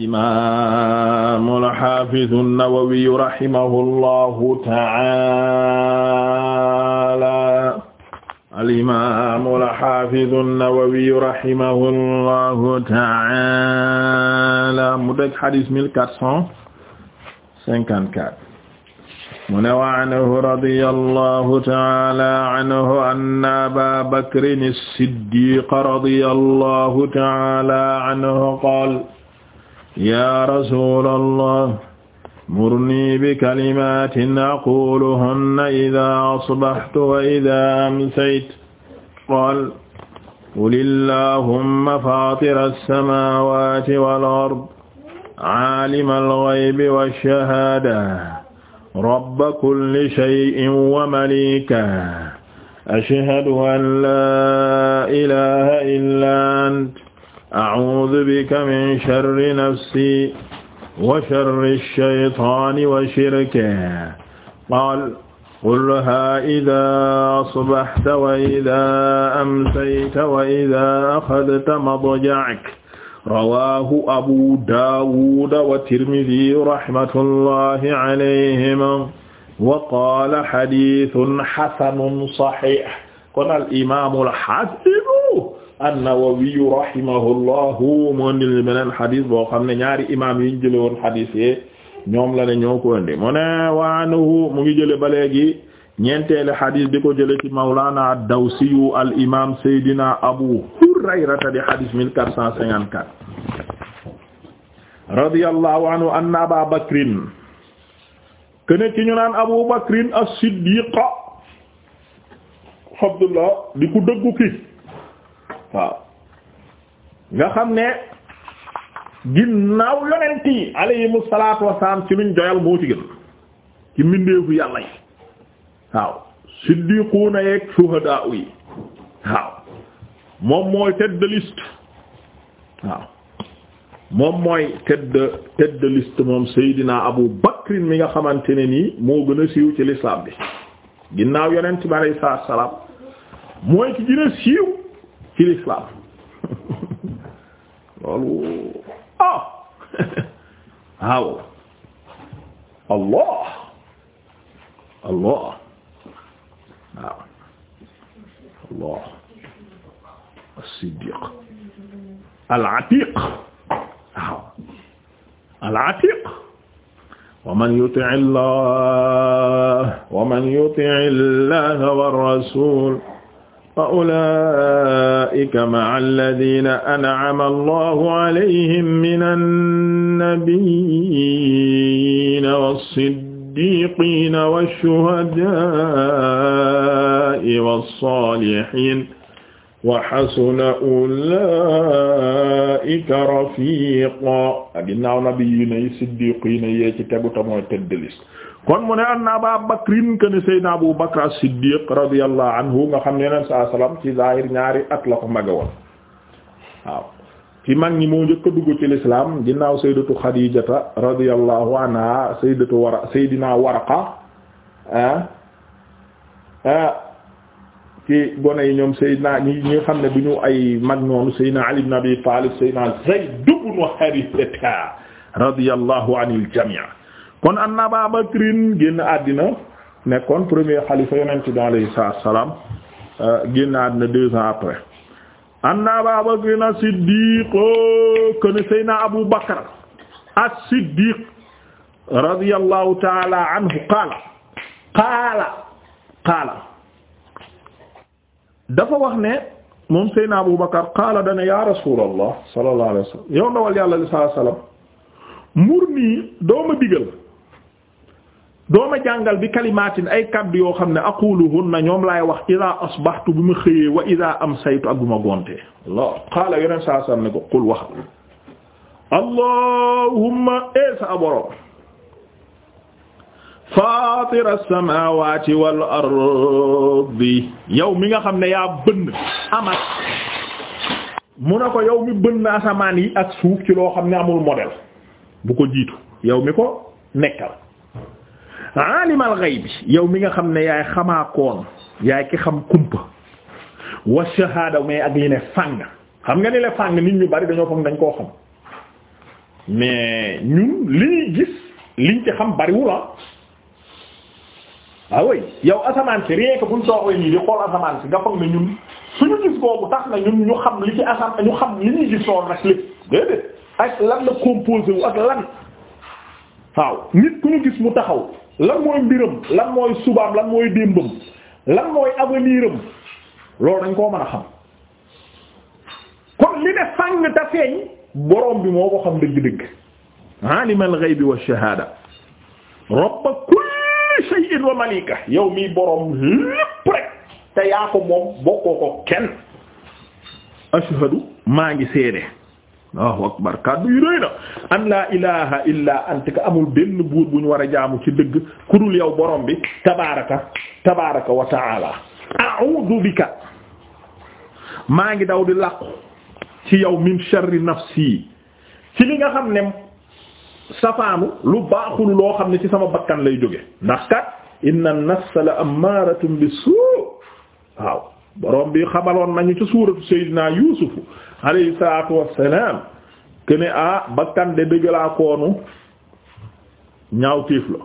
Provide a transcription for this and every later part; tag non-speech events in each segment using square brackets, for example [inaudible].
al-imaamu al-haafizu an-Nawawi rahimahullahu ta'aala al-imaamu al-haafizu an-Nawawi rahimahullahu ta'aala mu dëkk hadiis 1454 mu ne wa anhu radiyallahu ta'ala anhu anna Aba Bakrin as-Siddiq radiyallahu ta'ala anhu qaala yaa rasuulallah murnii bi kalimaatin aquluhunna idaa asbaxtu wa idaa amsaytu qaala qul allaahumma faatira as-samaawaati wal ard caalima al-ghaybi wash-shahaada rabba kulli shay'in wa malikahu ashhadu an laa ilaaha illaa anta a'uudu bika min sharri nafsi wa sharri shaytaani wa shirkihi qaala qul haa idaa asbahta wa idaa amsayta wa idaa axadta madja'aka rawaahu abu daawuda wa tirmidi rahmatullahi alayhima wa qaala hadiisun hasanun sahiih kon al imaamul haafiz an-Nawawi rahimahullahu mu andil ñu beneen boo xam ne ñaari imaam yi ñu jëlee woon xadis yi ñoom la ne ñoo ko indi mu ne wa anhu mu ngi jëlee ba léegi ñeenteelu xadis di ko jëlee ci Mawlana ad-Dawsi al imaam Seydina Abu Hurayra di xadis 1454. radiyallahu anhu anna Aba Bakrin kenn ci ñu naan Abu Bakrin as-Siddiq Abdullah di ku dëggu waaw nga xam ne ginnaaw yonent yi alayhimu salaatu ci luñ joyal moo ci gën ci mbindeefu yàlla yi waaw siddiquuna yeeg shuhadaa yi waaw moom mooy tête de waaw moom mooy tête de tête moom Seydina Abu Bakr mi nga xamante ne nii moo gën a siiw ci lislaam bi ginnaaw yonent bi alayhi salaam mooy ci gën siiw ci l'islam [laughs] loolu ah! [laughs] ah waaw allah allah waaw ah. allah as-siddiq al-atiq waaw ah. al-atiq wa man yuti' allah wa man yuti' allah war rasul فأولئك مع الذين أنعم الله عليهم من النبيين والصديقين والشهداء والصالحين wa hasuna ulaa'ika rafiiqa ginnaaw nabiyyiina yi siddiqiina yee ci tegu ta mooy tête de kon mu ne anna Abaa Bakrin ken Seydina Abu Bakr as-Siddiq radiyallahu anhu nga xam ne Yonent saa salaam ñaari at la ko màgge woon waaw ci mag moo njëkk a dugg ci lislaam ginnaaw Sayyidatu Xadiijata radiyallahu anha Sayyidatu Wara Seydina Waraqa ah, ah, ci gone yi ñoom Seydina ñi ñi xam ne du ñu ay mag noonu Seydina Ali ibn Abi Talib Seydina Zayd ibn Haritha radiyallahu anil jami' kon anna Abaa Bakrin génn àddina nekkoon premier xalifa yonent bi alayhi salaam euh, génn àddina deux ans après anna Abaa Bakrin as-Siddiq kon Seydina Abu Bakr as-Siddiq radiyallahu ta'ala anhu qaala qaala qaala dafa wax ne moom Seydina Abu Bakar qaala dana ya rasulallah sallallahu alayhi wa sallam yow ndawal yàlla li sallallahu alayhi wa sallam mur nii dooma digal dooma jàngal bi kalimaatin ay kàddu yoo xam ne aquluhunna ñoom laay wax ida asbaxtu bu ma xëyee wa ida amsaytu ak bu ma gontee Allah qaala yoneen sallallahu alayhi wa sallam ne ko qul wax allahumma eesa eh aboro fatir as-samawati wal ardi yow mi nga xam ne yaa bënn amat mu ne ko yow mi bënn asamaan yi ak suuf ci loo xam ne amul modèle bu ko jiitu yow mi ko nekkal alimal ghaybi yow mi nga xam ne yaay xamaakoon yaay ki xam kumpa wa shahada mais ak li ne fàng xam nga ni le fàng nit ñu bari dañoo foog dañ koo xam mais ñun li ñuy gis liñ ci xam bariwula ah. ah oui yow asamaan si rien que buñ soxla nii di xool asamaan si nga foog ne ñun suñu gis googu tax na ñun ñu xam li ci asamaan ñu xam li ñuy gis noonu rek lépp déedéet ak lan la composé wu ak lan waaw nit ku ñu gis mu taxaw lan mooy mbiram lan mooy subaam lan mooy démbam lan mooy aveniram loolu dañ koo man a xam kon li ne fàng ta feeñ borom bi moo ko xam dëgg-dëgg alimal ghaybi wa shahada rabb shay'in wa malika yow mi borom lépp rek te yaa ko moom bokkoo ko kenn ashhadu maa ngi seede Allahu akbar kaddu yu na an laa ilaha illa anta ka amul benn buur bu ñu war a jaamu ci dëgg ku dul yow boroom bi tabaraka tabaraka wa ta'ala a'udhu maa ngi daw di làqu ci yow min sharri nafsi ci li nga xam ne safaanu lu baaxul loo xam ne ci sama bakkan lay jóge ndax kat inna nafsa la ammaratun bis-suu waaw borom bi xamaloon nañu ci suuratu Seydina Yuusuf alayhi salaatu wassalaam ke ne ah bakkan de dëggalaa koonu ñaaw la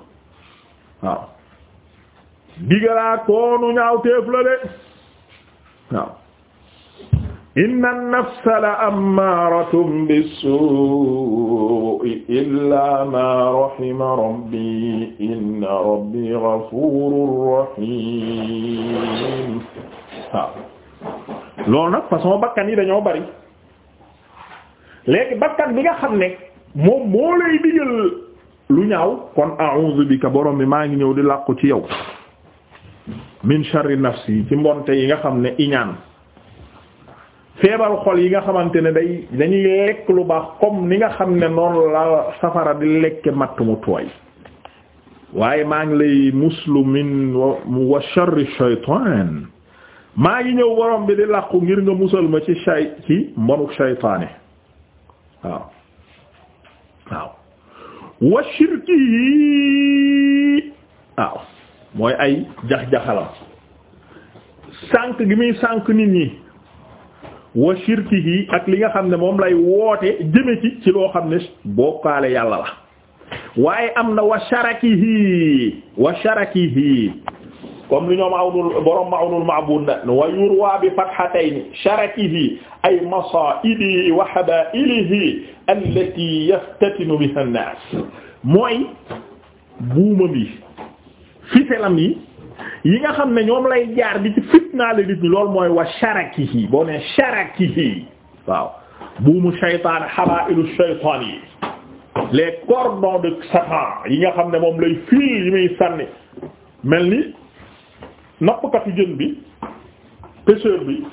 waaw diggalaa koonu ñaaw la de waaw inna an-nafsa la ammaaratun bis-suu'i illaa maa rahima rabbii inna rabbii ghafuurun rahiim waaw loolu nag bakkan yi dañoo bari léegi bakkan bi nga xam ne moo lay digal lu ñaaw kon a'uuzu bika borom bi maa ngi ñëw di làqu ci yow min sharri nafsi ci mbonte yi nga xam ne iñaan feebaru xol yi nga xamante ne day dañuy lekk lu baax comme ni nga xam ne noonu la safara di lekke matt mu tooy waaye maa ngi lay muslimin wa sharri shaytaan maa ngi ñëw borom bi di làqu ngir nga musal ma ci shay ci mbonuk shaytaane wa shirki yi waaw mooy ay jax-jaxalam sànk gi muy sànk nit ñi wa shirkihi ak li nga xam ne moom lay woote jëme ci ci loo xam ne bokkaale yàlla la waaye am na wa sharakihi wa sharakihi comme li ñoom awnul borom mawnul ma'bud na wa yurwa bi fathatayn sharakihi ay masaa'idihi wa habaa'ilihi allati yaftatinu biha an-nas mooy buuma bi fiselam yi yi nga xam ne ñoom lay jaar bi ci fitnaale nit ñi loolu mooy wa sharakihi boo ne sharakihi waaw buumu shaytaan habaa'ilu shaytaan yi les cordons de Satan yi nga xam ne moom lay fiil yi muy sànni mel ni nappkatu jën bi pêcheur bi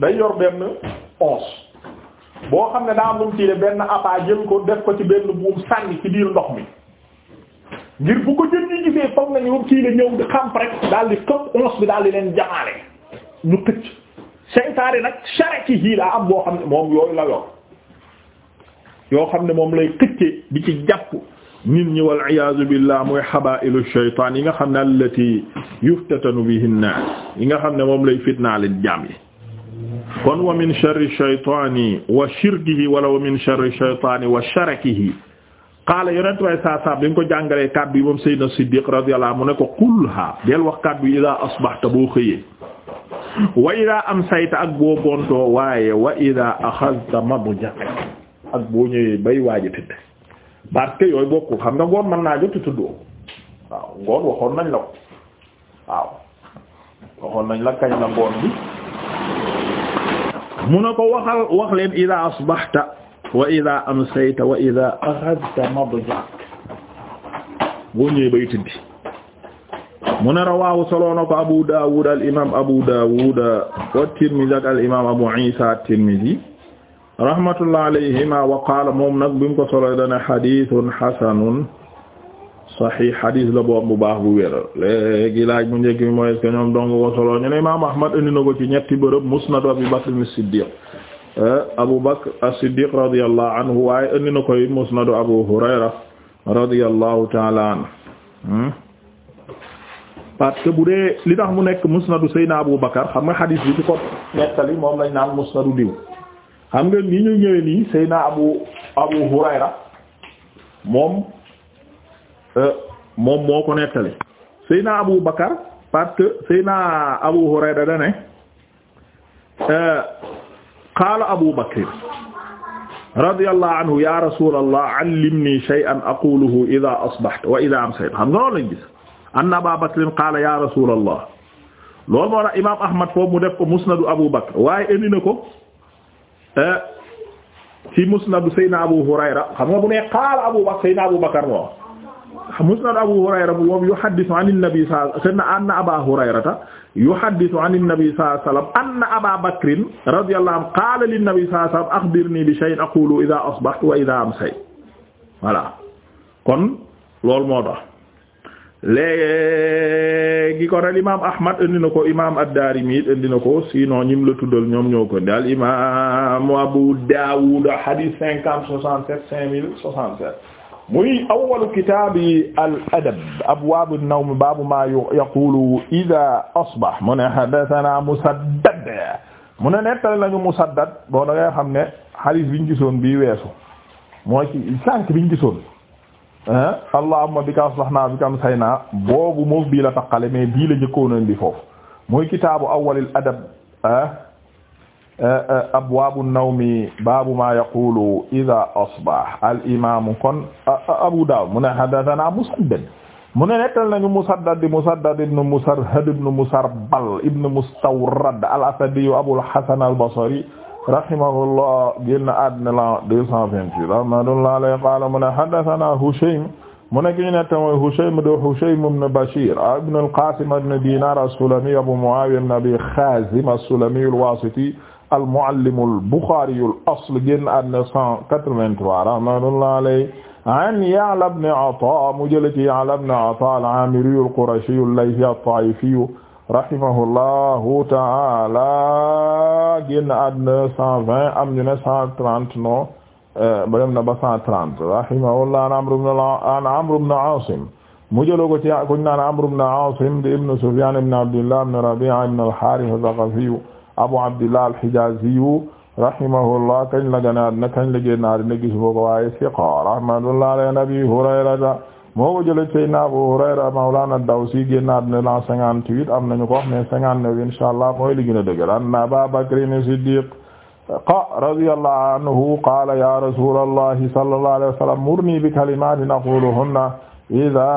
day yor benn once boo xam ne daa mun benn appât jël ko def ko ci benn buum sànni ci biir ndox mi ngir bu ko jën ñi gisee foog nañu kii la ñëw di xam rek daal di topp once bi daal di leen jamaale ñu tëcc seytaane nag charette ci yii laa am boo xam ne moom yooyu la yor yoo xam ne moom lay xëcce di ci jàpp nit ñi wal iyaazu billah mooy xabaa'ilu shaytaan yi nga xam ne allati yuftatanu bihi an-naas yi nga xam ne moom lay fitnaale jaam yi kon wa min sharri shaytaani wa shirkihi wala wa min sharri shaytaani wa sharakihi qaala yonent way saa saa bi ñu ko jàngalee kàddu yi moom Seydina Siddiq radiyallahu anhu ne ko qulha del wax kàddu yi idaa asbahta boo xëyee wa idaa amsayta ak boo gontoo waaye wa idaa axadta madja'ak ak boo ñëwee bay waaj a tëdd parce que yooyu bokku xam nga ngoon mën naa jot tëdd waaw ngoon waxoon nañ la ko waaw waxoon nañ la kañ la ngoon bi mu ne ko waxal wax leen idaa asbahta wa idha amsayta wa idha aghadta madjak boo ñëwee bay tiddi mu ne rawahu soloona ko Abu Dawud al imam Abu Dawud wa Tirmidhi ak al imam Abu Isa Tirmidhi rahmatullah alayhima wa qaala moom nag bi mu ko solo dana hadithun hasanun sahih hadith la boobu bu baax bu wér léegi laaj mu njëkk bi mooy est-ce que ñoom dong ko solo ñu ne imam Ahmad indi na ko ci ñetti bërëb musnad Abi Bakr as-Siddiq Eh, Abu Bakr as-Siddiq radiyallahu anhu waaye indi na koy musnadu Abu Hurayra radiyallahu ta'ala anhu hmm? parce que bu dee li tax mu nekk musnadu Seydina Abu Bakar xam nga xadiis bi ci ko nettali moom lañ naan musnadu diw xam nga ni ñu ñëwee nii Seydina Abu Abu Hurayra moom eh, moom moo ko nettali Seydina Abu Bakar parce que Seydina Abu Hurayra da ne eh, qaala abu bakr radiyallahu anhu ya rasulallah allimni shay'an aquluhu idha asbahta wa idha amsayta xam nga loolu lañ gis anna aba bakrin qaala ya rasulallah loolu moo tax imaam ahmad foofu mu def ko musnadu abu bakr waaye indi na ko eh, ci musnadu saydna abu hurayra xam nga bu ne qaala abu bakr saydna abu bakr moo musnad abu hurayra bu boobu yuhaddisu an nabi sa sanna anna aba hurayrata yuhaddisu an nabi sa sallam anna aba bakrin radiyallahu anhu qala lin nabi sa sallam akhbirni bi shay'in aqulu idha asbahtu wa idha amsaytu voilà kon loolu moo tax léegi kon al imaam ahmad indi na ko imaam ad-Daarimi indi na ko sinon ñim la tuddal ñoom ñoo ko daal imaam Abu Daawud hadith cinquante soixante-sept cinq mille soixante-sept muy awwalu kitaabi al adab abwaabu nawm baabu maa yaqulu idaa asbaha mu ne haddasanaa Musaddad mu ne nettali nañu Musaddad boo da ngay xam ne hadiis biñ gisoon bii weesu mooy ci sànq biñ gisoon ah allahumma bika aslahnaa bika amsaynaa boobu moom bii la taqale mais bi la njëkkoon bi foofu muy kitaabu awwalil adab ah. Eh, eh, abwaabu nawmi baabu maa yaqulu idaa asbaha al imaamu kon Abu Daawud mu ne haddasanaa Musaddad mu ne nettal nañu Musaddad di Musaddad ibn Musarhad ibn Musarbal ibn Mustawrad al-Asadiyu Abul Hasan al-Basri rahimahullah génn àddina la 228 rahmatullahi alayhi qaala mu ne haddasanaa Hushaym mu ne ki ñu nette mooy Hushaym de Hushaym ibn Bashir ibn al-Qasim ibn Dinar as-Sulami Abu Muawiya ibn Abi Khazim as-Sulami al-Wasiti almuallimu albuxaariyu al-asl génn àddina 183 rahmatullahi alayhi an Ya'la ibn Ata mu jële ci Ya'la ibn Ata al-Aamiriyu al-Qurashiyu al-Laythiyu at-Taa'ifiyu rahimahullahu ta'ala génn àddina 120 am ñu ne 130 non euh, ba dem na ba 130 rahimahullah an Amr ibn Aasim mu jëloo ko ci kuñ naan Amr ibn Aasim di ibn Sufyaan ibn Abdillah ibn Rabi'a ibn al-Haarith ath-Thaqafiyu Abu Abdillah al-Hijaziyu rahimahullah kañ la ganaat na kañ la génnaat na gis boo ko waaye siqa rahmatullah alayhi Abi Hurayrata moo ko jëlee Seydina Abu Hurayra mawlana Dawsi génnaat na la cinquante-huit am nañu ko wax ne cinquante-neuf inshallah mooy li gën a dëgër anna Aba Bakrin Siddiq qa radiyallahu anhu qaala ya rasulallahi sallallahu alayhi wa sallam murni bi kalimatin aquluhunna idha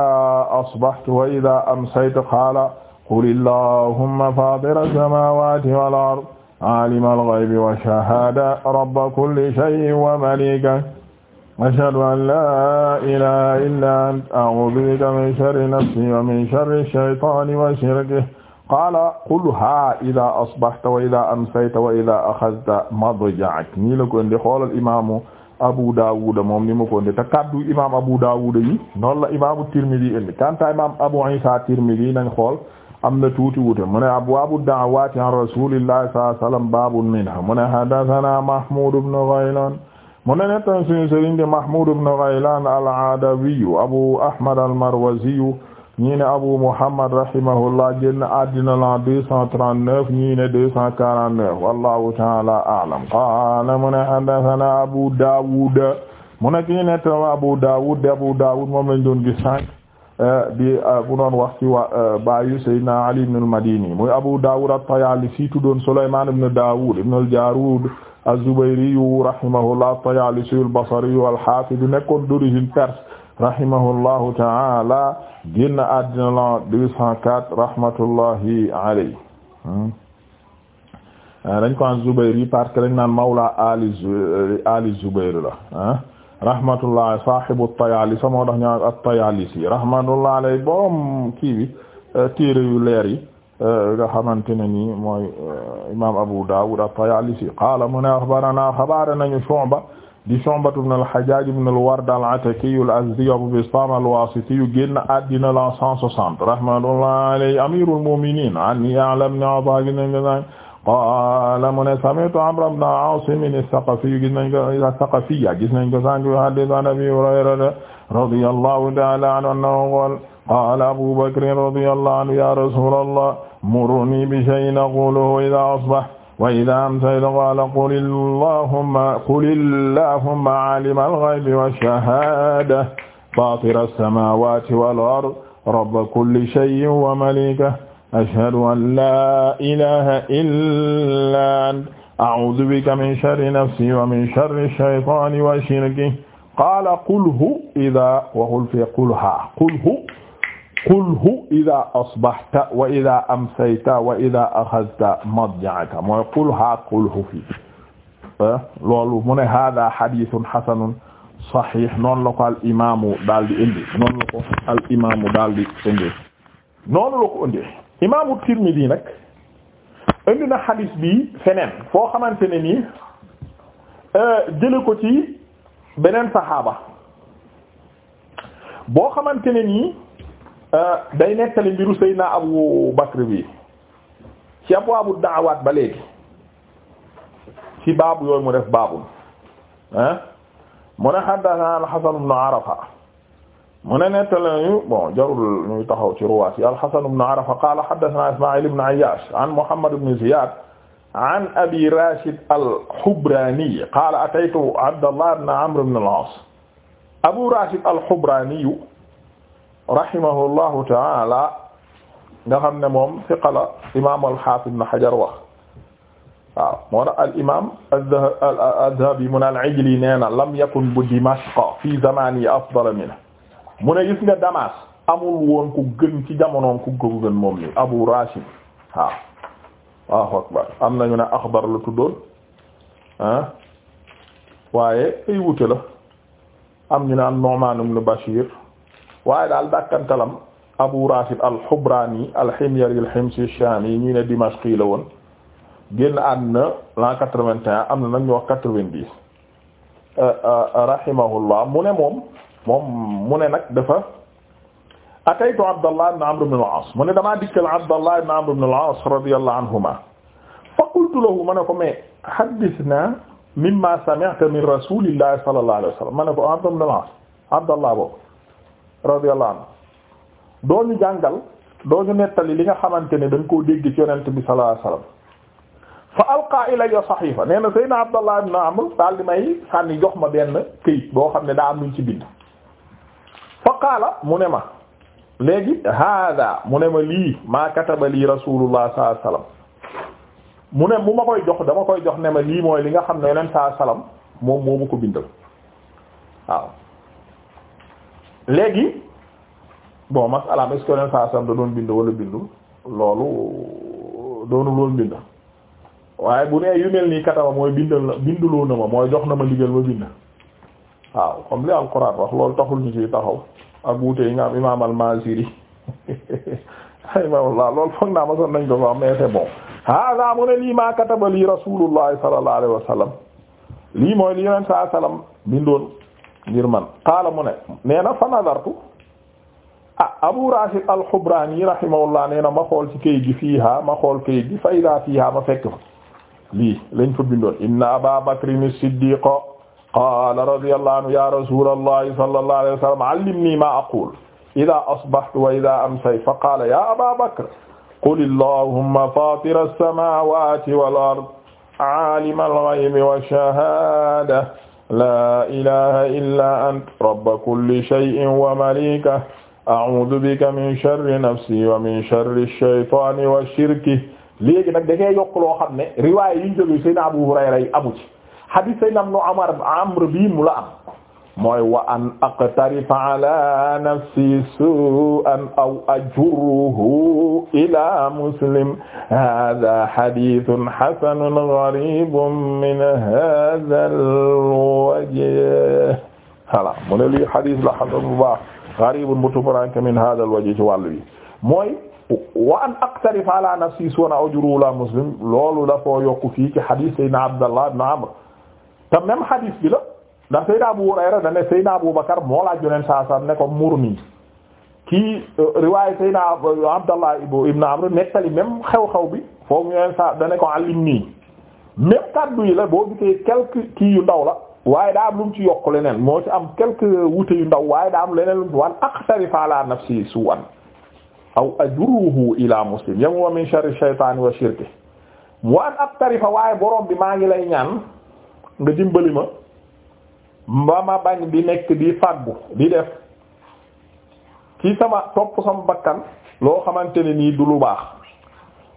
asbahtu wa idha amsaytu qaala qul allahumma faatira as-samaawaati wal ard aalima al-ghaybi wash-shahaada rabba kulli shay'in wa malikahu ashhadu an laa ilaaha illaa anta a'uudu bika min sharri nafsii wa min sharri shaytaani wa shirkihi qaala qulhaa idaa asbahta wa idaa amsayta wa idaa axazta madja'ak nii la ko indi xoolal imaamu Abu Daawuda moom ni mu ko indi te kaddu imaam Abu Daawuda yi noonu la imaamu Tirmidi indi kanta imaam Abu Iisaa Tirmidi nañ xool am na tuuti wuute mu ne abwaabu da'awaati an rasuulillahi sallallahu alayhi wa sallam baabun minha mu ne haddasanaa Mahmuud ibn Ghaylaan mu ne nettan suñu sëriñ de Mahmuud ibn Ghaylaan al-Adawiyu Abu Ahmad al-Marwaziyu ñii ne Abu Muhammad rahimahullah génn àddina la 239 ñii ne 249 wallaahu ta'aala a'lam qaala mu ne haddasanaa Abu Daawuud mu ne kii nettan Abu Daawuud Abu Daawuud moom lañ doon gis sànq Eh, di bu eh, doon wax ci wa eh, baayu Seydina Ali ibn al-Madini muy Abu Dawud at-Tayalisi tuddoon Sulayman ibn Dawud ibn al-Jarud az-Zubayri rahimahullah at-Tayalisi al-Basri wal-Hafiz nekkoon d'origine perse rahimahullahu ta'ala génn àddina la 204 rahmatullahi alayhi hmm. dañ ko an Zubayri parce que dañ naan mawla Ali Ali Zubayr la rahmatullah sahibu Tayaalisa moo tax ñaa at-Tayaalisi rahmatullah alay borom kii bi euh, téere yu leer yi euh, nga xamante ne nii mooy euh, imam Abu Daawud at-Tayaalisi qaala mu ne axbarana xabaare nañu Shu'ba di Shu'ba ibn al-Hajjaaj ibn al-Ward al-Ataki al-Azdi Abu Bistaam al-Waasiti yu génn àddina la 160 rahmatullah alay amirul mu'miniin an Ya'la ibn Ataa qaala mu ne sami'tu Amr ibn Aasim as-Saqafi gis nañ ko as-Saqafiya gis nañ ko sànq hadith an Abi Hurayra radiyallahu ta'ala anhu annahu qaala qaala Abu Bakr radiyallahu anhu ya rasulallah murni bi shay'in aquluhu idha asbaha wa idha amsayta qaala qul allahumma qul allahumma aalim al-ghaybi wash-shahaadati faatira as-samaawaati wal-ardi rabba kulli shay'in wa malikih ashhadu an la ilaha illa anta a'udhu bika min sharri nafsi wa min sharri shaytani wa shirkihi qaala qulhu idha wa qul fi qulha qulhu qulhu idha asbahta wa idha amsayta wa idha akhadhta madja'aka mooy qulha qulhu fi eh, loolu mu ne hada hadithun hasanun sahih noonu la ko al imamu daal di indi noonu la ko al imamu daal di indi noonu la ko indi imaamu Tirmidi nag indi na xadis bi feneen foo xamante ne nii euh, jële ko ci beneen saxaaba boo xamante ne nii euh, day nettali mbiru Seydina Abu Bakr bi ci abwaabu daawaat ba léegi ci baabu yooyu mu def baabul ah mu ne haddathana al-Hasan ibn Arafa mu ne nettalañu bon jarul ñuy taxaw ci ruwaat yi al-Hasan ibn Arafa qaala haddathanaa Ismaa'iil ibn Ayyaash an Muhammad ibn Ziyaad an Abi Raashid al-Hubraani qaala ataytu Abdallah ibn Amr ibn al-Aas Abu Raashid al-Hubraani rahimahullahu ta'aala nga xam ne moom siqa la imaam al-Haafiz ibn Hajar wax waaw moo tax al-imaam az-Zahabi mu ne al-Ijli nee na lam yakun bi Dimashqa fii zamaanihi afdala minhu mu ne gis nga Damas amul woon ku gën ci jamonoom ku gën moom Abu Rashid waaw waaw akbar am nañu ne axbar la tuddoon ah waaye ay wute la am ñu naan Nu'man ibn Bashir waaye daal dàkkantalam Abu Rashid al-Hubrani al-Himyari al-Himsi ash-Shami ñi ne Dimashqi la woon génn àdduna l'an quatre vingt am na nag ñu wax quatre-vingt-dix eh, eh, mu ne moom moom mu ne nag dafa ataytu Abdallah ibn Amr ibn al-As mu ne damaa dikkal Abdallah ibn Amr ibn al-As radiyallahu anhuma fa qultu lahu ma ne ko mais haddithna mimma sami'ta min rasulillahi sallallahu alayhi wa sallam ma ne ko Amr ibn al-As Abdallah boobu radiyallahu anhu doo ñu jàngal doo ñu nettali li nga xamante ne dañ koo dégg ci yonent bi sallallahu alayhi wa sallam fa alqa ilayya sahifa nee na Seydina Abdallah ibn Amr daal di may sànni jox ma benn këyit boo xam ne daa am luñ ci bind fa mu ne ma léegi hada mu ne ma lii maa kataba lii rasulullah sallallahu alayhi mu ne mu ma koy jox dama koy jox ne ma lii mooy li nga xam ne yonent sallallahu alayhi wasallam moom moo ma ko bindal waaw léegi bon masalaam est-ce que yonent sallallahu da doon bind wala bindul loolu doonul woon bind waaye bu nee yu mel nii kataba mooy bindal na binduloo na ma mooy jox na ma ndigal ma bind waaw comme li alquran wax loolu taxul ñu ci taxaw ak wuute imaam al-Maziri rahimahullah [laughs] loolu foog ma sonn nañ ko wax mais c'est mu ne lii maa kataba lii rasulullahi sallallahu alayhi wa lii mooy li yonent saa sallam bindoon ngir man qaala mu ne nee fa nadartu ah, Abu Rashid al-Hubrani rahimahullah nee na ma xool ci kayit fiiha ma xool kayit fa idaa fiiha ma fekk fa lii lañ fa bindoon inna Aba Bakrin as-Siddiq qaala radiyallahu anhu ya rasulallahi sallallahu alayhi wa sallam allimni ma aqul ida asbahtu wa ida amsaytu fa qaala ya aba bakr qul allahumma fatira as-samawati wal ard alima al-ghaybi wash-shahada la ilaha illa anta rabba kulli shay'in wa malikahu a'uudu bika min sharri nafsi wa min sharri ash-shaytani wa shirkihi léegi nag da ngay yokk loo xam ne riwaay yi ñu jóge Seydina Abu Hurayra yi amu ci hadis say nam nu amar amr bi mu la am mooy wa an aqtarif ala nafsi su'an aw ajurruhu ila muslim hadha hadithun hasanun gharibun min hadha al-wajh voilà mu ne lii hadis la hasan bu baax gharibun mutamaranke min hadha al-wajh ci wàllu wi mooy wa an aqtarif ala nafsi su'an aw ajurruhu ila muslim loolu dafoo yokku fii ci hadis sayyidina Abdallah ibn Amr te même hadis bi la ndax Seydina Abu Hurayra da ne Seydina Abu Bakar moo laaj yoneen saa saa ne ko murni kii euh, riwaay Seydina euh, Abdallah ibn Amr nettali même xew-xew bi foofu yoneen ko allimni yi la boo gisee quelques ndaw la waaye daa am lu mu ci yokk leneen moo ci am quelques wute yu ndaw waaye daa am leneen lu mu wan aqtarif ala nafsi su'an aw ajruhu ila muslim yamu wa min sharri shaytaani wa shirkihi waaye borom bi maa ngi lay ñaan. nga dimbali ma mba ma bañ di nekk di fàggu di def ci sama topp sama bakkan loo xamante ne nii du lu baax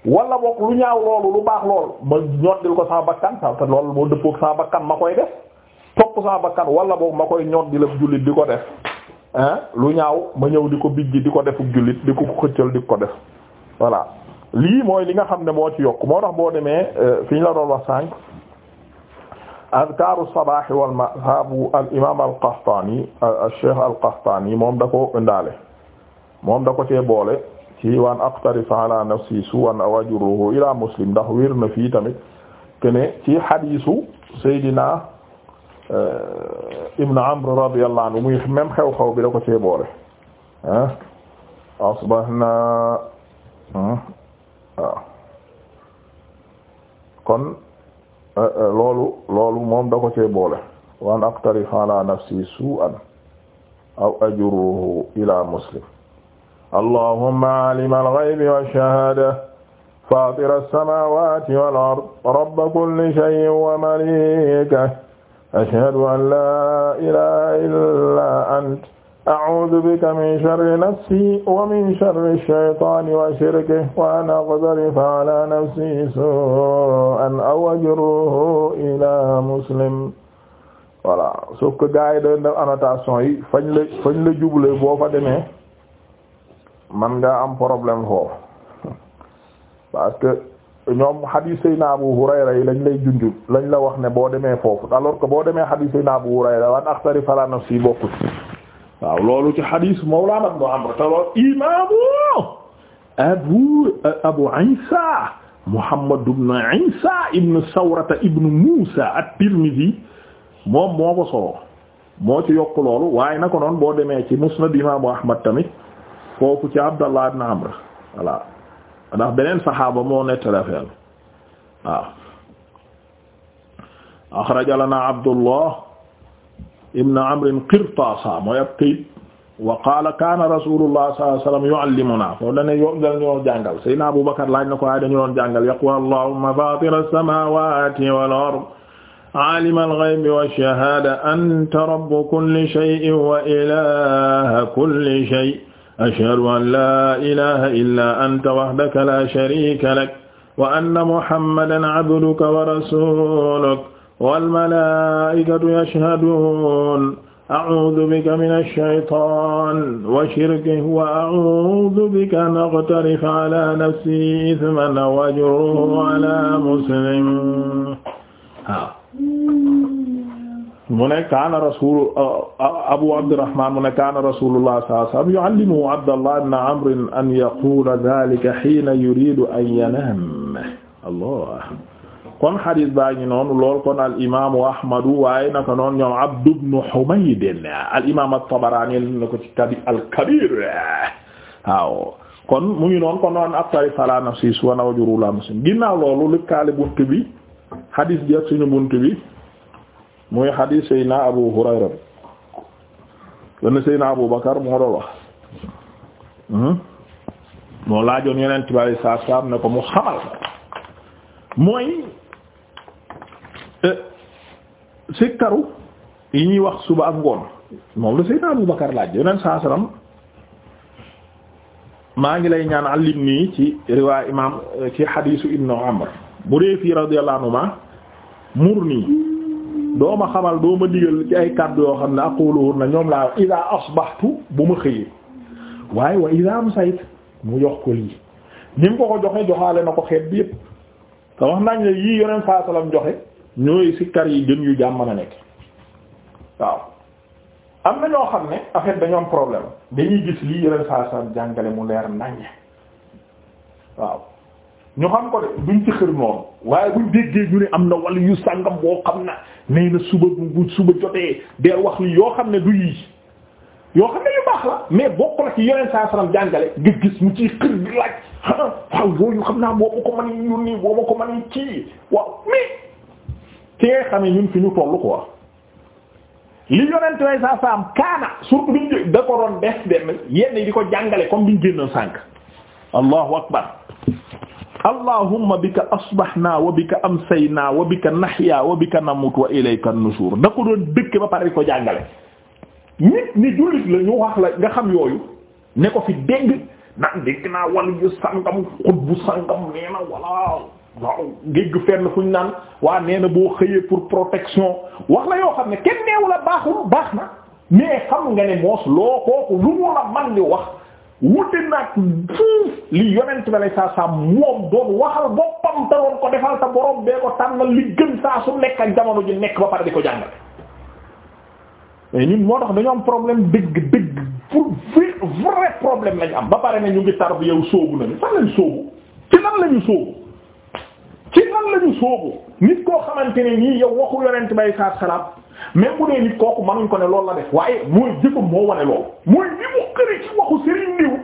wala boog lu ñaaw loolu lu baax lool ma ñoddil ko sama bakkan sa te loolu moo dëppook sama bakkan ma koy def topp sama bakkan wala boog ma koy ñoddil ab jullit di ko def ah lu ñaaw ma ñëw di ko bijji di ko defuk jullit di ko xëccal di ko def voilà lii mooy li nga xam ne moo ci yokk moo tax boo demee euh, fi ñu la doon wax sànq adkaaru sabaahi wal masaa bu al imaam al qaxtaani al cheikh al qaxtaani moom da ko ndaale moom da ko cee boole ci waan aqtarif ala nafsi suwan aw ajruhu ila muslim ndax wér na fii tamit kene ci xadiisu Seydina euh, Ibn Amr radiyallahu anhu muy même xew-xew bi da ko cee boole ah asbahna waaw kon. Eh, eh, loolu loolu moom da ko cee boole wan aqtarif ala nafsi su'an aw ajruhu ila muslim allahumma alima alghaybi wash-shahada fatira as-samawati wal ard rabba kulli shay'in wa malikahu ashhadu an la ilaha illa ant a'uudu bika min sharri nafsi wa min sharri shaytaani wa shirkihi wa an ala nafsi su'an aw ajruhu ila muslim voilà sauf que gars yi dañ annotation yi fañ la fañ la jublee boo fa demee man nga am problème foofu [laughs] parce que ñoom hadith Seydina Abu Hurayra yi lañ lay junjul lañ la wax ne boo demee foofu alors que boo demee hadith Seydina Abu Hurayra waan aqdarifa ala nafsi bokkut waaw loolu ci xadiis Mawlaana ibn Amr te loolu imaamu abu abu Iisa Muhammad ibn Iisa ibn Sawrata ibn Muusa at-Tirmidhi moom moo ko solo moo ci yokk loolu waaye naka boo demee ci Musnad imaamu Ahmad tamit foofu ci Abdallah ibn Amr ndax beneen saxaaba moo nettali affaire waaw axraja lanaa Abdullah ibn amrin qirtasa mooy ab këyit wa qaala kaana rasulullah sallallahu alayhi wasallam yuallimuna foofu dane yom dal ñoo jàngal sayna abu bakar laaj na ko waaye dañu doon jàngal yaqwa allahumma fatira as-samawati wal ard alima al-ghaybi wash-shahada anta rabbu kulli shay'in wa ilaha kulli shay' ashhadu an la ilaha illa anta wahdaka la sharika lak wa anna muhammadan abduka wa rasuluk walmalaikatu yashhaduun a'uudu bika mina shaytaan wa shirkihi wa a'uudu bika an aqtarif ala nafsi isman aw ajruhu ala muslim waaw mu ne kaana rasuul abu abdurrahmaan mu ne kaana rasuulullah sallallahu alayhi wa sallam yu'allimu abdallah ibn amr an yaquula dhaalika hiina yuriidu an yanaam allah kon xadis baa ngi noonu lool kon al imaamu Ahmadu waaye naka noonu ñoom Abdu ibnu Humayd al imaam at-Tabaraani indi na ko ci tabi al-Kabiir waaw kon mu ngi noonu kon noonu abtari fala nafsi wa nawjuru la muslim ginnaaw loolu li bunt bi xadis bi ak suñu bunt bi muy xadis Seydina Abu Hurayra bi kon Seydina Abu Bakar moo doon wax hmm? moo yeneen tubaab yi saa saa ne ko mu xamal mooy. Euh, sikkaru yi ñuy wax suba ak ngoon moom la Seydina Abu Bakar laaj yoneen saa salaam maa ngi lay ñaan allim nii ci riwaay imaam ci xadiisu ibnu Amr bu dee fii radiyallahu anhuma mur nii doo xamal doo digal ci ay kàddu yoo xam ne aquluhunna ñoom laa idaa asbaxtu bu ma xëyee waaye wa idaa amsayt mu jox ko lii ni mu ko ko joxe joxaale na ko xeet bi yépp te wax nañ la yii yoneen saa salaam joxe ñooy sikkar yi gën yu jaam mën a nekk waaw am na ñoo xam ne en dañoom dañoo am problème dañuy gis lii yeneen saa saa jàngale mu leer naññ waaw ñu xam ko de duñ ci xër noonu waaye buñ déggee ñu ne am na wala yu sàngam boo xam na nee na suba bu suba jotee deel wax li yoo xam ne du yii yoo xam ne yu baax la mais bokk la ci yeneen saa salaam jàngale nga gis mu ciy xër bi laaj ah, waaw yooyu xam naa boo ma ko mën a yónnee boo ma ko mën a kii waaw mais. ci ñun fi ñu tollu li yonent way sa saam kaana surtout biñ da ko doon def benn yenn yi di ko jàngale comme biñ génnoon sànq allahu akbar allahumma bika asbahna wa bika amsayna wa bika nahya wa bika namut wa ilayka nushur da ko doon dëkk ba pare di ko jàngale nit ni jullit la ñu wax la nga xam yooyu ne ko fi dégg naan dégg naa wàllu yu sàngam xut bu sàngam na wala waaw ngégg fenn ñu naan waa nee na boo xëyee pour protection wax la yoo xam ne kenn neewu la baaxul baax na mais xam nga ne moos loo kooku lu mu la man di wax wute nag fuuf li yonent ba lay saa saa moom doon waxal boppam taroon ko defal sa borom bee ko tànnal li gën saa su nekk ak jamono ji nekk ba pare di ko jàngal mais ñun moo tax dañu am problème dëgg dëgg pour vrai problème lañu am ba pare ne ñu ngi tar bi yow sóobu nañu fan lañu sóobu ci lan la koo xamante ne nii yow waxu yonent bay saa salaam ko ne loolu la def waaye mooy jëfam moo wane loolu mooy li mu xëri mu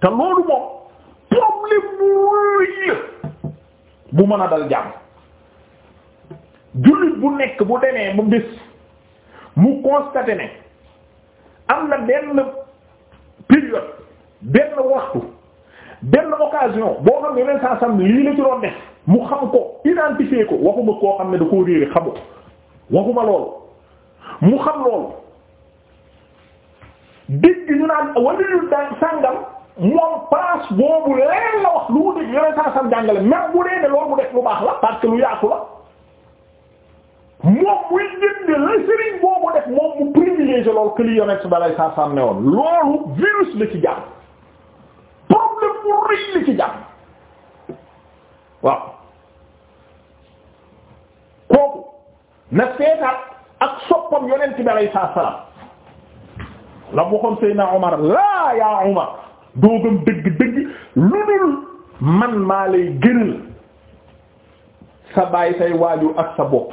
te loolu moom problème bu mën a dal jàmm jullit bu nekk bu demee mu bis mu constaté ne am na benn période benn waxtu. benn occasion boo xam ne yeneen saa lii la ci doon def mu xam ko identifier ko waxuma koo xam ne da koo réere xamu waxuma loolu mu xam loolu dégg ñu naan wala ñu daan sàngal moom place boobu leen la wax lu mu dégg yeneen saa jàngale même bu dee ne loolu mu def lu baax la parce que lu yaatu la moom muy jënd la sëriñ boobu def moom mu privilégié loolu que li yonent ne woon loolu virus la ci jàpp. bu rëy li ci jàmm waaw kooku na seetaat ak soppam yonent bi alayhi salaam la mu waxoon Seydina laa yaa Omar doo dëgg-dëgg lu dul man maa lay gënal baay say waajur ak sa waaw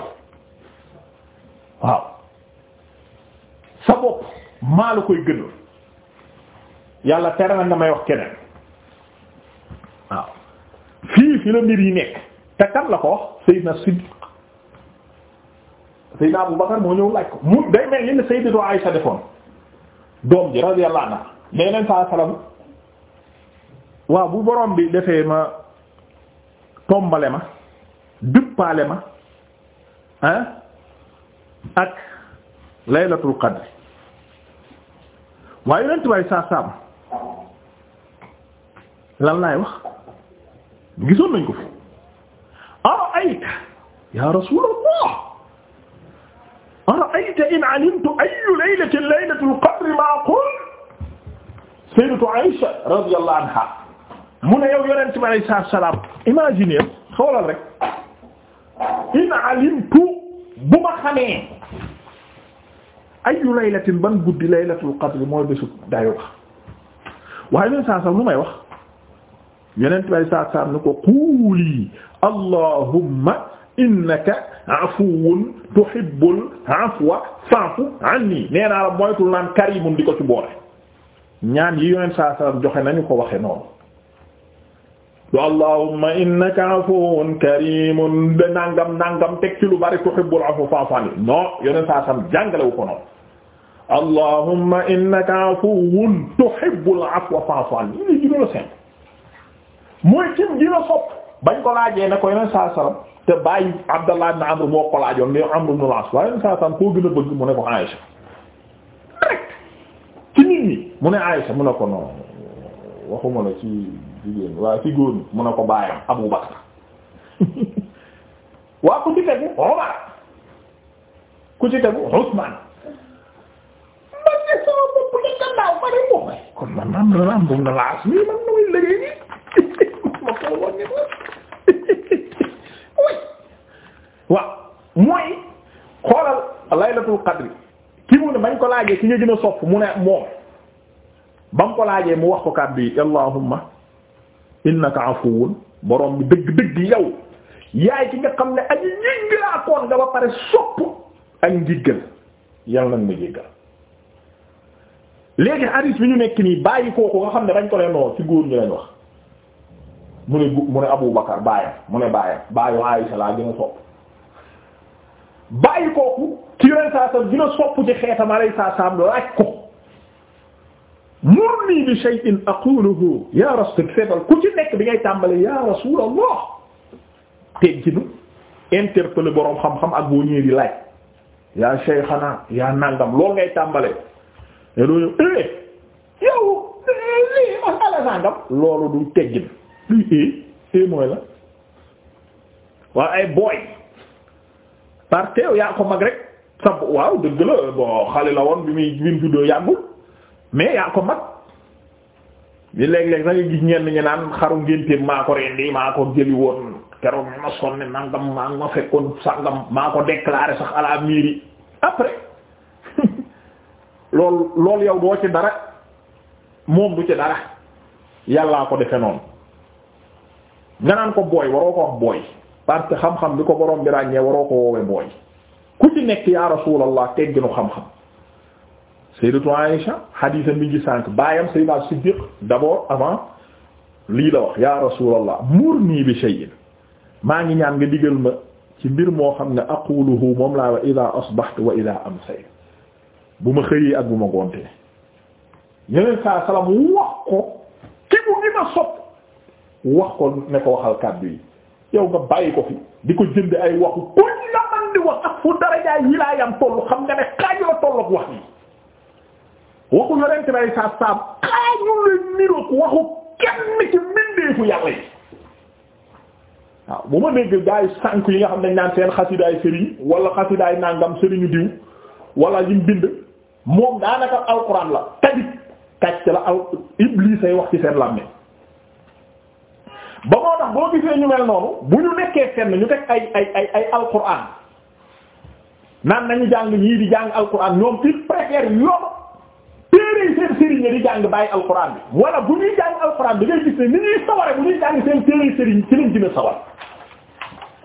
sa bopp koy gënal yàlla tere na may wax keneen fi la mbir yi nekk te kan la ko wax Seydina Siddiq Seydina Abu Bakar moo ñëw laaj mu day mel ni ne defoon doom ji radiyallahu anha nee nañ saa salaam waaw bu borom bi defee ma tombale ma duppaale ma ah ak laylatul qadr waaye yonent bay saa saam lan laay wax. gisoon nañ ko fi ara'ayta ya rasulallah ara'ayta in alimtu ayyu laylatin laylatul qadri ma qul sayyidatu Aïsha radiyallahu anha mu ne yow yonent bi alayhi salaatu salaam imaginez xoolal rek in alimtu bu ma xamee ayu laylatin ban guddi laylatul qadr mooy bésu dayo wax waaye leen saa sax lu may wax yeneen bay saat saam ni ko quuli allahumma innaka afuwun tuhibbul afwa fa'fu anni nee naa la moytul naan karimun di ko ci boore ñaan saa saam joxe nañu ko waxe noonu du allahumma innaka afuwun karimun da nangam nangam teg lu bari tuhibbul afwa fa'fu anni non yonent saa saam jàngalewu ko noonu allahumma innaka afuwun tuhibbul afwa fa'fu anni mooy kim dina sopp bañ ko laajee ne ko yeneen saa salaam te bàyyi Abdallah ibn Amr moo ko laajoon mais Amr ibn al-As waaye yeneen saa salaam koo gën a bëgg mu ne ko Aïcha mu ne Aïcha mu ne ko non waxuma la ci jigéen waaye ci góor mu ne ko bàyyam Abu Bakr waa ku ci tegu Omar ku ci tegu Usman man de sama bopp la gannaaw ma ne moom kon man Amr ibn al-As mii man na muy liggéey ma xool woon ne [laughs] waaw mooy xoolal laylatul qadri ki mu ne bañ ko laajee ki nga gën sopp mu ne moom ba mu ko laajee mu wax ko kàddu yi allahumma innaka afuwun borom bi dëgg dëgg yow yaay ki nga xam ne ak njiggalaa koon nga ba pare sopp ak njiggal yal nag ma jéggal léegi hadith bi ñu nekk nii bàyyi kooku nga xam ne dañ ko leen wax ci góor ñi lañ wax mu ne mu ne Abu Bakar baayam mu ne baayam baayu Aysa laa gën a sopp bàyyi kooku ci yoneen saa sam gën a sopp ci xeetam alay saa sam laaj ko murni bi shay'in aquluhu ya rasul feetal ku ci nekk bi ngay tàmbale ya rasulallah tegginu interpeller boroom xam-xam ak boo ñëwee di laaj yaa shaykhana yaa nàngam loolu ngay tàmbale te luy ee ee mooy la waaw ay booy parce que ko mag rek sab waaw dëgg la bon xale la woon bi muy bi mu yàggul mais yaa ko mag bi léeg-léeg da nga gis ñenn ñi naan xaru ngénte maa ko rendi maa ko jëli woon keroog mi ma sonne nangam maa ma fekkoon sangam maa ko déclaré sax à la après [laughs] loolu loolu yow doo ci dara moom du ci dara yàllaa ko defe noonu nga naan ko booy waroo ko wax booy parce xam-xam bi ko borom bi ràññee waroo ko woowe booy ku ci nekk ya rasulallah tegginu xam-xam sayyidatu Aisha hadisa sànq baayam sayyidina Siddiq d'abord avant lii ngi ñaan nga digal ci mbir moo xam ne aquluhu moom laa wa ida asbaxtu wa ida amsay bu ma xëyee ak bu ma gontee yeneen saa salaam wax ko ki bu ma sopp wax ko ne ko waxal kàddu yi yow nga bàyyi ko fi di ko jënd ay waxu kuñ la di wax ak fu darajaay wilaayam tollu xam nga ne xaaju la tollook wax yi waxu yonent bay saab saab xaaju la niroog waxu kenn ci mbindeefu yàlla yi waaw bu ma dégg gaa yi yi nga xam ne naan seen xasidaay sëriñ wala xasidaay nàngam sëriñu diw wala yim bind moom daanaka alxuraan la tajib kàcc la al iblis ay wax ci seen làmmee boo moo tax boo gisee ñu mel noonu bu ñu nekkee fenn ñu teg ay ay ay ay alquran naan nañu jàng ñii di jàng alquran ñoom ils préfèrent yomb téere yi seen sëriñ di jàng bàyyi alquran bi wala bu ñuy jàng alquran bi ngay gis ne ni ñuy saware bu ñuy jàng seen téere sëriñ ci lañ gën a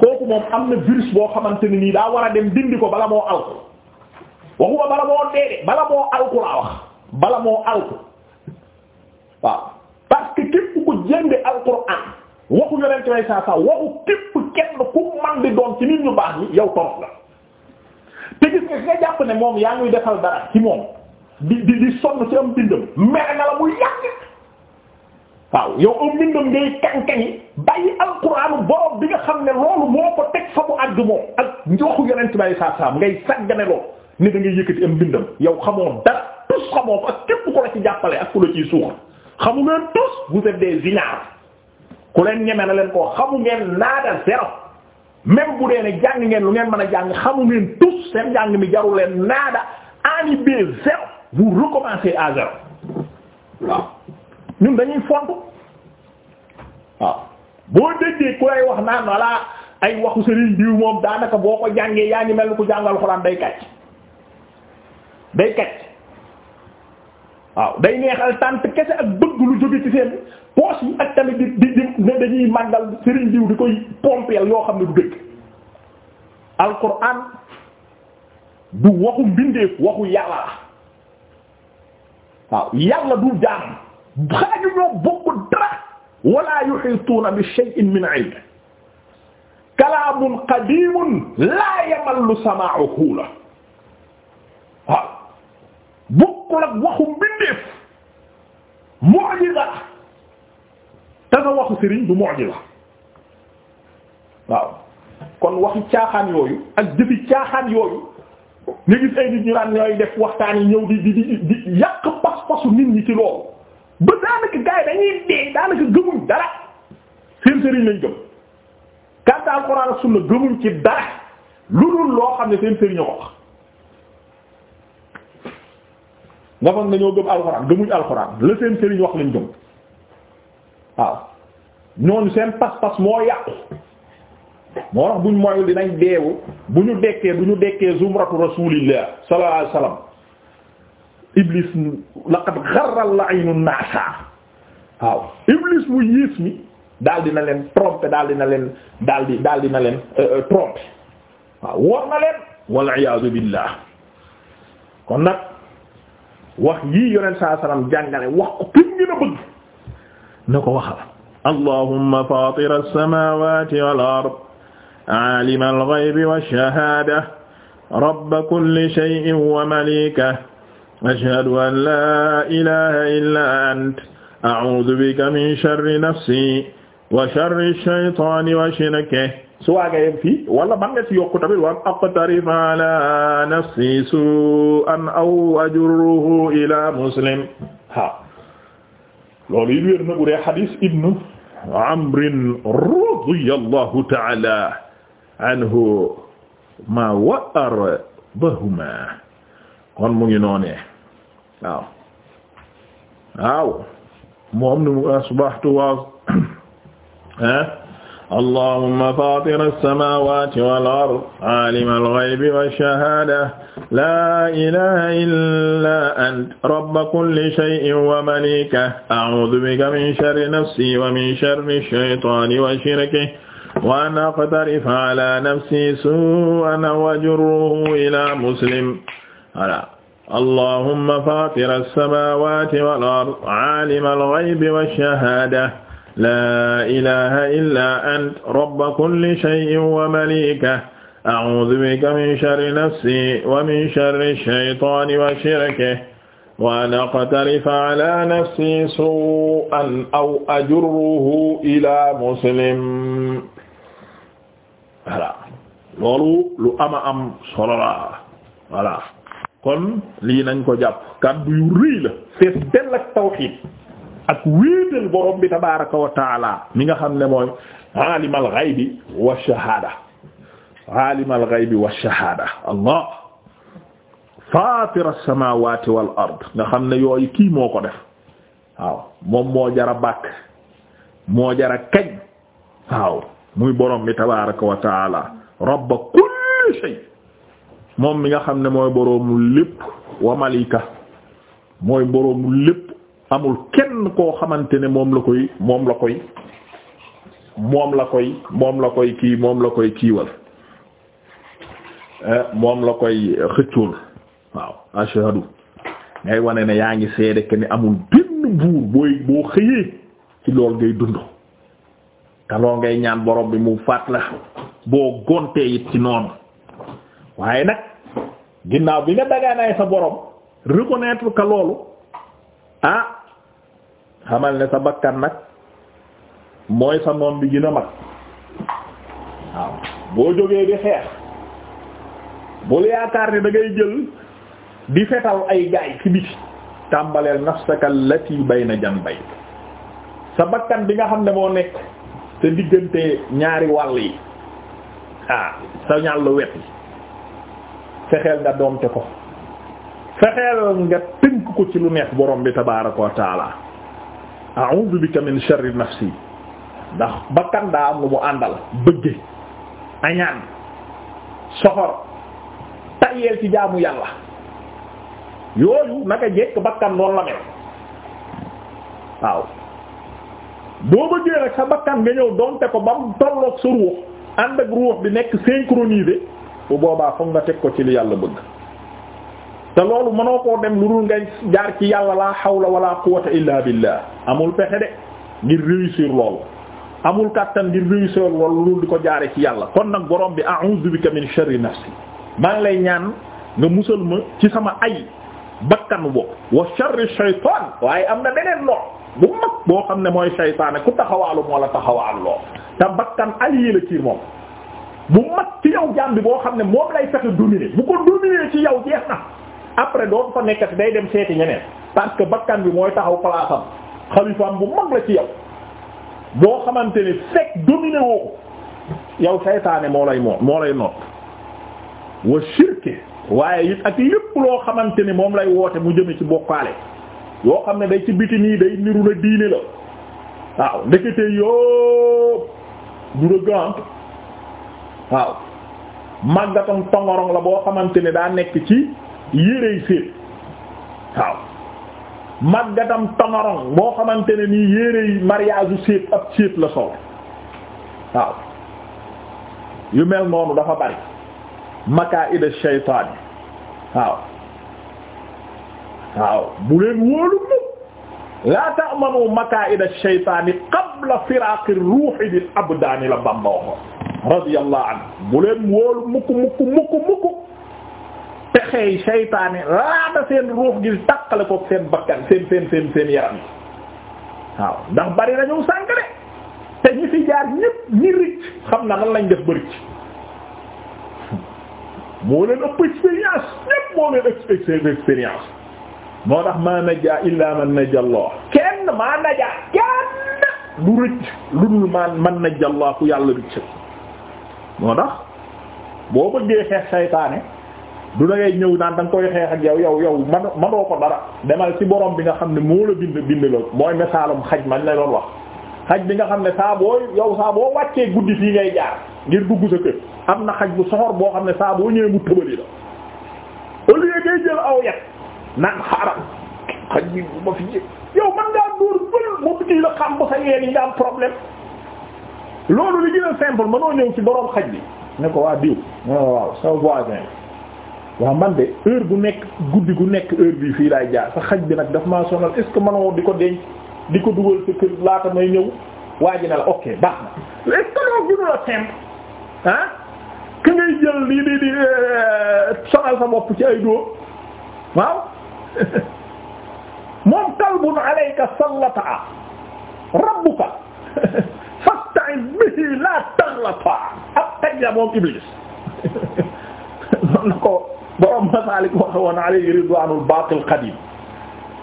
kooku moom am na virus boo xamante ne nii daa war a dem dindi ko bala moo alku waxuma bala moo deede bala moo alku laa wax bala moo alku waaw waxu yonent way saa saa waxu képp kenn ku man di doon ci nit ñu baax ni yow torox la te gis nga jàpp ne moom yaa ngi defal dara ci moom di di di sonn ci am bindam mere na la muy yàgg waaw yow am bindam ngay kañ-kañi bàyyi alquraanu borom bi nga xam ne loolu moo ko teg fa mu àgg moom ak waxu yonent way saa saa ngay sàggane lool ni da ngay yëkkati am bindam yow xamoo dara tus xamoo ko ak képp ko la ci jàppale ak ku la ciy suuxal xamu ngeen tus vous êtes des ku leen ñeme na leen koo xamu ngeen naada zéro même bu dee ne jàng ngeen lu ngeen mën a jàng xamu ngeen tous seen jàng mi jarul leen naada ani b zéro vous recommencez à zéro waaw ñun dañuy font waaw boo déggee ku lay wax naan walla ay waxu sëriñ diw moom daanaka boo ko jàngee yaa ngi mel ni ku jàngal xuraan day kacc day kacc waaw day neexal tànt kese ak bëgg lu jóge ci seen poche yi ak tamit di di ne dañuy màggal Serigne diw di koy pompeel yoo xam ne du dëgg alquran du waxu mbindeef waxu yàlla la waaw yàlla du jaam xaaju ñoo bokk dara wala yuhituuna bi shay'in min ilmihi kalaamun qadiimun laa yamallu samaa'uhu la waaw bokkul ak waxu mbindeef mu'jiza te sa waxu sëriñ du mu'jiza waaw kon waxi caaxaan yooyu ak jëfi caaxaan yooyu nga ay nit ñu naan ñooy def waxtaan yi ñëw di di di di yàq pas-pasu nit ñi ci loolu ba daanaka gars yi dañuy dee daanaka gëmuñ dara seen sëriñ lañ gëm kanta alxuraan ak sunna gëmuñ ci dara lu dul loo xam ne seen sëriñ a ko wax nga foog nañoo gëm alxuraan gëmuñ alxuraan la seen sëriñ wax lañ gëm waaw ñooñu seen pas-pas moo yàqu moo tax buñ moyul dinañ deewu bu ñu dekkee du ñu dekkee zumratu rasulillah sallallahu alayhi wasallam iblis la ay la'inu naasa waaw iblis mu yiis mi daal dina leen tromper daal na leen daal di daal dina leen euh, euh, tromper waaw war na leen wal iyaadu billah kon nag wax yii yonent sallallahu alayhi wasallam jàngale wax ko ki gën a bëgg ne ko waxal allahumma fatira as-samawati wal ard alima al-ghaybi wash-shahada rabba kulli shay'in wa malikahu ashhadu an la ilaha illa anta a'udhu bika min sharri nafsi wa sharri ash-shaytani wa shirkihi su waaga yem fii wala man nga ci yokku tamit wa aqtarif ala nafsi su'an aw ajurruhu ila muslim loolu it wér na bu dee xadis ibnu amrin radiyallahu taala anhu ma wa arbahuma kon mu ngi noonee waaw waaw moom nu asbahtu wa [coughs] allahumma fatir as-samawati wal ard alima al-ghaybi wash-shahada la ilaha illa ant rabba kulli shay'in wa malika a'udhu bika min sharri nafsi wa min sharri ash-shaytani wa shirkihi wa an aqtarif ala nafsi su'an wa ajurruhu ila muslim ala allahumma fatir as-samawati wal ard alima al-ghaybi wash-shahada laa ilaha illa ant rabba kulli shay'in wa malika a'udhu bika min sharri nafsi wa min sharri shaytani wa shirkihi wa an aqtarifa ala nafsi su'an aw ajurruhu ila muslim voilà loolu lu ama am solo la voilà kon lii nañ ko jàpp kàddu yu rëy la fees dell ak tawhid ak wéetal borom bi tabaaraka wa taala mi nga xam ne mooy aalimal ghaybi wa shahaada aalimal ghaybi wa shahaada allah faatir as-samaawaati wal nga xam ne yooy kii moo ko def moom moo jara bàkk moo jara kañ muy borom bi tabaaraka wa taala rabba kulli shay moom mi nga xam ne mooy boroomu lépp wa malika mooy boroomu lépp amul kenn koo xamante ne moom la koy moom la koy moom la koy moom la koy kii moom la koy kiiwal eh, moom la koy xëccool waaw ashhadu ngay wane na yaa ngi seede que ni amul benn buur booy boo xëyee ci lool ngay dund te ngay ñaan borom bi mu faat la boo gontee it ci noonu waaye nag ginnaaw bi nga dagaanaay sa borom reconnaître que loolu ah xamal ne sa bakkan nag mooy sa noon bi gën a mag waaw boo jógee di xeex bul yaakaar ne da ngay jël di fetal ay gaay ci biti tàmbaleel nafsaka allati bayna janbay sa bakkan bi nga xam ne moo nekk te diggante ñaari wàll yi ah sa ñàllu wet yi fexeel nga doom te ko fexeel nga tënk ko ci lu neex borom bi tabaaraka wa a'udhu bika min sharri nafsi ndax bakkan daa am lu mu àndal bëgge añaan soxor tayeel ci jaamu yàlla yooyu naka jekk bakkan noonu la mel waaw boo bëggee nag sa bakkan nga ñëw donte ko ba mu tolloog sa ruux ànd ak ruux bi nekk synchronisé bu boobaa foog nga teg ko ci li yàlla bëgg te loolu mënoo koo dem lu dul ngay jaar ci yàlla laa hawla wala quwwata illa billah amul pexe de ngir réussir loolu amul kàttan ngir réussir loolu lu dul di ko jaare ci yàlla kon nag borom bi a'udhu bika min sharri nafsi maa ngi lay ñaan nga musal ma ci sama ay bakkanu bopp waaye am na beneen lool bu mag boo xam ne mooy shaytaane ku taxawaalu moo la taxawaalu lool te bakkan allié la ci moom bu mag ci yow jaam boo xam ne moom lay fexe dominer bu ko dominer ci yow jeex après doo fa nekkati day dem seeti ñeneen parce que bakkan bi mooy taxaw place am xalifaam bu mag la ci yow boo xamante ni fekk dominé woo ko yow moo lay moo moo lay noot wa shirke waaye it ak lépp loo xamante ni moom lay woote mu jëme ci bokkaale yoo xam ne day ci biti nii day niru la diine la waaw ndekete yoo du rëgg ah. waaw màggatam tongorong la boo xamante ni daa nekk ci yérey séet waaw maggatam tamaron boo xamante ne nii yérey mariage u séet ab séet la sol waaw yu mel noonu dafa bari makaida shaytaan waaw waaw bu leen wóolu mu laa ta'manu makaida shaytaani qabla firaaqi ruuhi bil abdaani la Bamba waxoon radiyallahu anhu bu leen wóolu mukk mukk mukk mukk pexey seytaane raata seen ruux gi takkale ko seen bakkan seen seen seen yaram waaw ndax bari nañu sànk de te ñi fi jaar ñépp ñi ricc xam na lan lañ def ba ricc moo leen ëpp expérience ñépp moo leen expérience moo tax maa najaa illaa man najaa Allah kenn maa najaa kenn du ricc lu man man najaa Allah ku yàlla ricc moo tax boo bëggee xeex seytaane du da ñëw naan da nga koy xeex ak yow yow yow man manoo ko dara demal ci borom bi nga xam ne moo la bind bind la mooy misaalum xaj man la doon wax xaj bi nga xam ne saaboo boo yow saa guddi fii ngay jaar ngir dugg sa kër am na xaj bu soxor boo xam ne saaboo boo ñëwee mu tëbali la au lieu jël aw yat naan xaaral xaj bi bu fi jë yow man ngaa dóor bël mu kii la xam sa yeen yi nga problème loolu li gën a simple mënoo ñëw ci borom xaj bi ne ko waa diw waaw waaw man de heure bu nekk guddi gu nekk heure bi fii laay jaar sa xaj bi nag daf ma sonal est ce di ko denc di ko dugal sa kër laata may ay dóom waaw [laughs] moom kalbun alayka sallata rabbuka [laughs] fasta'iz bihi la taxlata ab taj la moom iblis [laughs] noonu la ko borom Masaalik waxe woon alayhi ridwaanul baaqil qadiim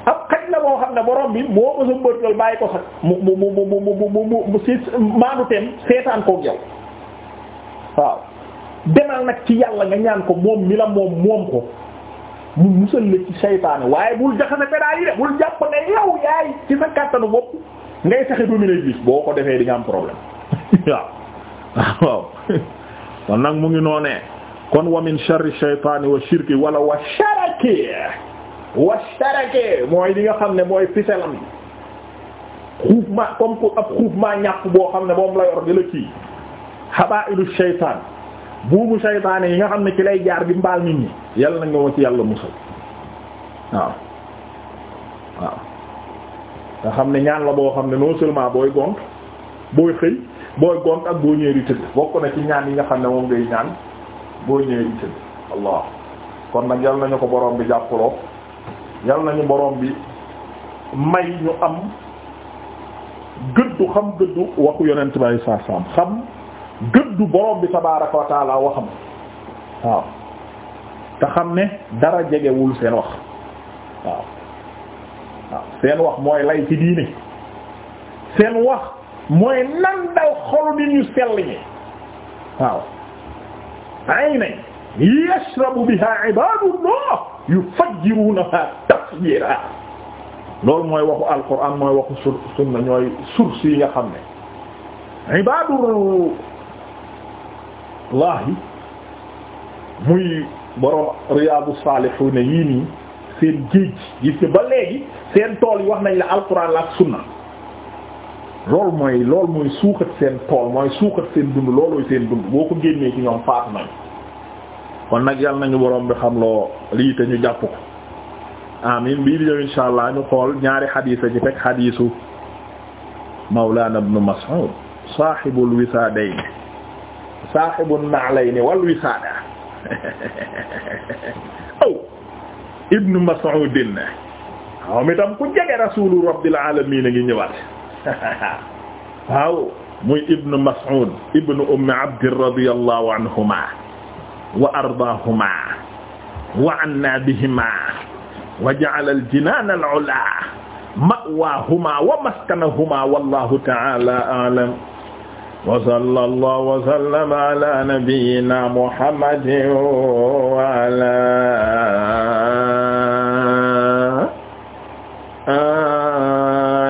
ab xaj la boo xam ne borom bi moo ko sa mbërtal bàyyi ko sax mu mu mu mu mu mu mu si maanu seetaan koog yow waaw demal nag ci yàlla nga ñaan ko moom mi la moom moom ko mu musal la ci saytaane waaye bul jaxase pédale yi de bul jàpp ne yow yaay ci sa kàttanu bopp ngay saxe dominer bis boo ko defee di nga am problème [laughs] waaw [laughs] waaw [laughs] kon nag mu ngi noonee kon wa min sharri shaytaani wa shirki wala wa sharaki wa sharaki mooy li nga xam ne mooy fiselam xuuf ma comme que ab xuuf ma ñàpp boo xam ne moom la yor di la kii habaa'ilu shaytaan buubu shaytaan yi nga xam ne ci lay jaar bi mbaal nit ñi yàlla na nga ma ci yàlla musal waaw waaw nga xam ne ñaan la boo xam ne non seulement booy gont booy xëy booy gont ak boo ñëwee di tëdd bokk na ci ñaan yi nga xam ne moom ngay ñaan boo ñëwee itam allah kon nag yal nañu ko boroom bi jàppaloo yal nañu boroom bi may ñu am gëddu xam gëddu waxu yonent bay saa saam xam gëddu borom bi tabaaraka wa taala waxam waaw te xam ne dara jegewul seen wax waaw waaw seen wax mooy lay ci diine seen wax mooy nandal xolu ni ñu sell ñi waaw aynan yashrabu biha ibadullah yufajjirunaha tafjira loolu mooy waxu alquran mooy waxu su sunna ñooy source yi nga xam ne ibadullahi muy borom riyaadu saalihuuna yii nii seen géej gis ba léegi seen tool yi wax nañ la alquran la ak sunna loolu mooy loolu mooy suuxat seen tool mooy suuxat seen dund loolooy seen dund boo ko génnee ci ñoom faatu nañ kon nag yàlla nañu borom bi xam loo lii te ñu jàpp ko amin bii di ñëw insha allah ñu xool ñaari xadiis a ci teg xadiisu mawlana ibn mas'ud sahibul wisaadayn sahibun na'layn wal wisaada [laughs] aw ibn mas'ud din moom itam ku jege rasulu rabbil alamin a ngi ñëwaat [laughs] waaw muy ibnu Mas'ud ibnu ummi abdi radiyallahu anhuma wa ardaahuma wa anna bihima wa ja'ala al-jinaan al-'ula ma'waahuma wa maskanahuma wallahu ta'ala a'lam wa sallallahu wa sallama ala nabiyyina muhammadin wa ala